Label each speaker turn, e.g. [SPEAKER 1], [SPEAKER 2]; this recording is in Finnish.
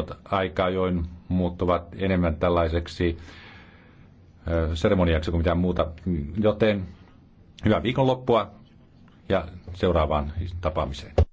[SPEAKER 1] tapahtunut aika ajoin muuttuvat enemmän tällaiseksi seremoniaksi kuin mitään muuta. Joten hyvää viikonloppua ja
[SPEAKER 2] seuraavaan tapaamiseen.